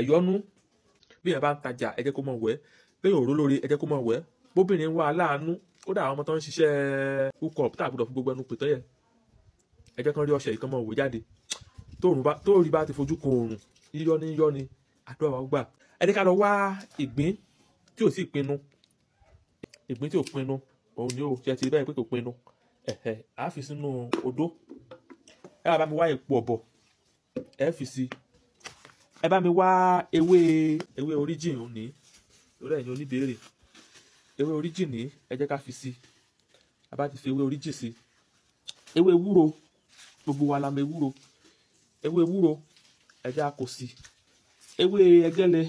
ẹ̀yọ́nú bí èèyàn bá ń tajà ẹ jẹ́ kó mọ̀ wẹ́ bẹ́ẹ̀ òró lórí ẹ jẹ́ kó mọ̀ wẹ́ bóbìnrin wà láàánú kódà àwọn ọmọ tó ń ṣiṣẹ́ hookup tá àgbọ̀dọ̀ fún gbogbo ẹnu pè tọ́yẹ̀ ẹ jẹ́ kán rí ọṣẹ ìkànnì òwe jáde tóòrì bá ti fojú kan oòrùn yíyọ ní yíyọ ni àdúrà wa gbà ẹ jẹ́ ká lọ wá ìgbín tí ò sì pinnu ìgbín tí ò pinnu òun ni ó ṣe ti báyìí pé kò pinnu ẹ̀ẹ́ àá fi sínú odó ẹ bá mi wá èpo ọ̀bọ̀ ẹ fi sí i ẹ bá mi wá ewé ewé origin ní lórí ẹ̀yin oníbèrè ewé origin ní ẹ jẹ́ ká fi sí a bá ti fi ewé origin sí ewé ewúro gbogbo wa la mọ̀ ewúro ewé ewúro ẹ jẹ́ a kò sí ewé ẹgẹ́lẹ̀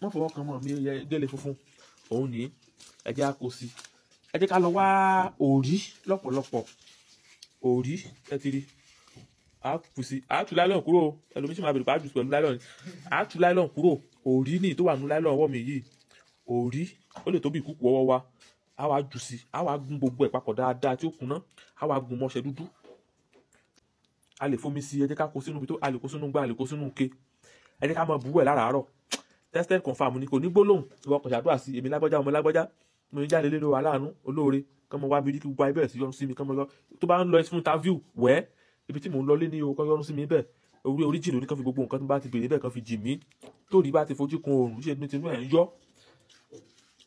mọ́ fọwọ́ kan mọ́ mi ẹgẹ́lẹ̀ funfun òun ní ẹ jẹ́ a kò sí ẹ jẹ́ ká lọ wá òrí lọ́pọ̀lọpọ̀ òrí ẹ ti rí á kù sí á tú láìlọ́n kúrò ẹlòmíì sì máa bèrè pé á jù pẹ̀lú láìlọ́n á tú láìlọ́n kúrò òrí ní tó wà nínú láìlọ́n ọwọ́ mi yìí òrí ó lè tóbi ìkúkú ọwọ́ wa á wá jù sí a wá gún gbogbo ẹ̀ papọ̀ dáadáa tí ó kùnà á wá gún mọ́ṣẹ́ dúdú a lè fomi sí ẹ jẹ́ ká kó sínú ibi tó a lè kó sínú gbá a lè kó sínú ke ẹ jẹ́ ká máa buwẹ̀ láràárọ̀ tested confam ni kò ní gbólóhùn ìwọ kò ṣàdúrà sí èmi lágbájá ọmọ lágbájá mo ní jáde lérò aláàánú olóore kọ́mọ wá bí kí gbogbo ayé bẹ̀rẹ̀ sí yọrù sí mi kọ́mọ lọ tó bá ń lọ ẹ fún interview wẹ́ẹ́ ibi tí mò ń lọlé ní o kọ́ yọrùn sí mi bẹ́ẹ̀ orí oríjìnì oníkan fi gbogbo nǹkan tó bá ti bèrè bẹ́ẹ̀ kan fi jì mí torí bá ti fojú kun oòrùn ṣe tinú ẹ̀ ń yọ́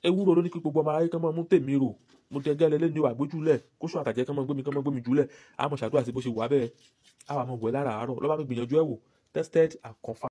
ewúro ló ní kí gbogbo ọmọ aráyé kan mọ́ mú tèmi rò mo dẹgẹ́ lẹ́lẹ́ ní àgbójúlẹ̀ kó sọ àtàjẹ́ kan mọ́ gbémi kan mọ́ gbémi jùlẹ̀ àmọ́ ṣàdúrà sí bó ṣe wà bẹ́ẹ̀ àwọn ọmọ ògbẹ́ lára àárọ̀ lọ́ba mi gbìyànjú ẹ̀ wò tested and confirmed.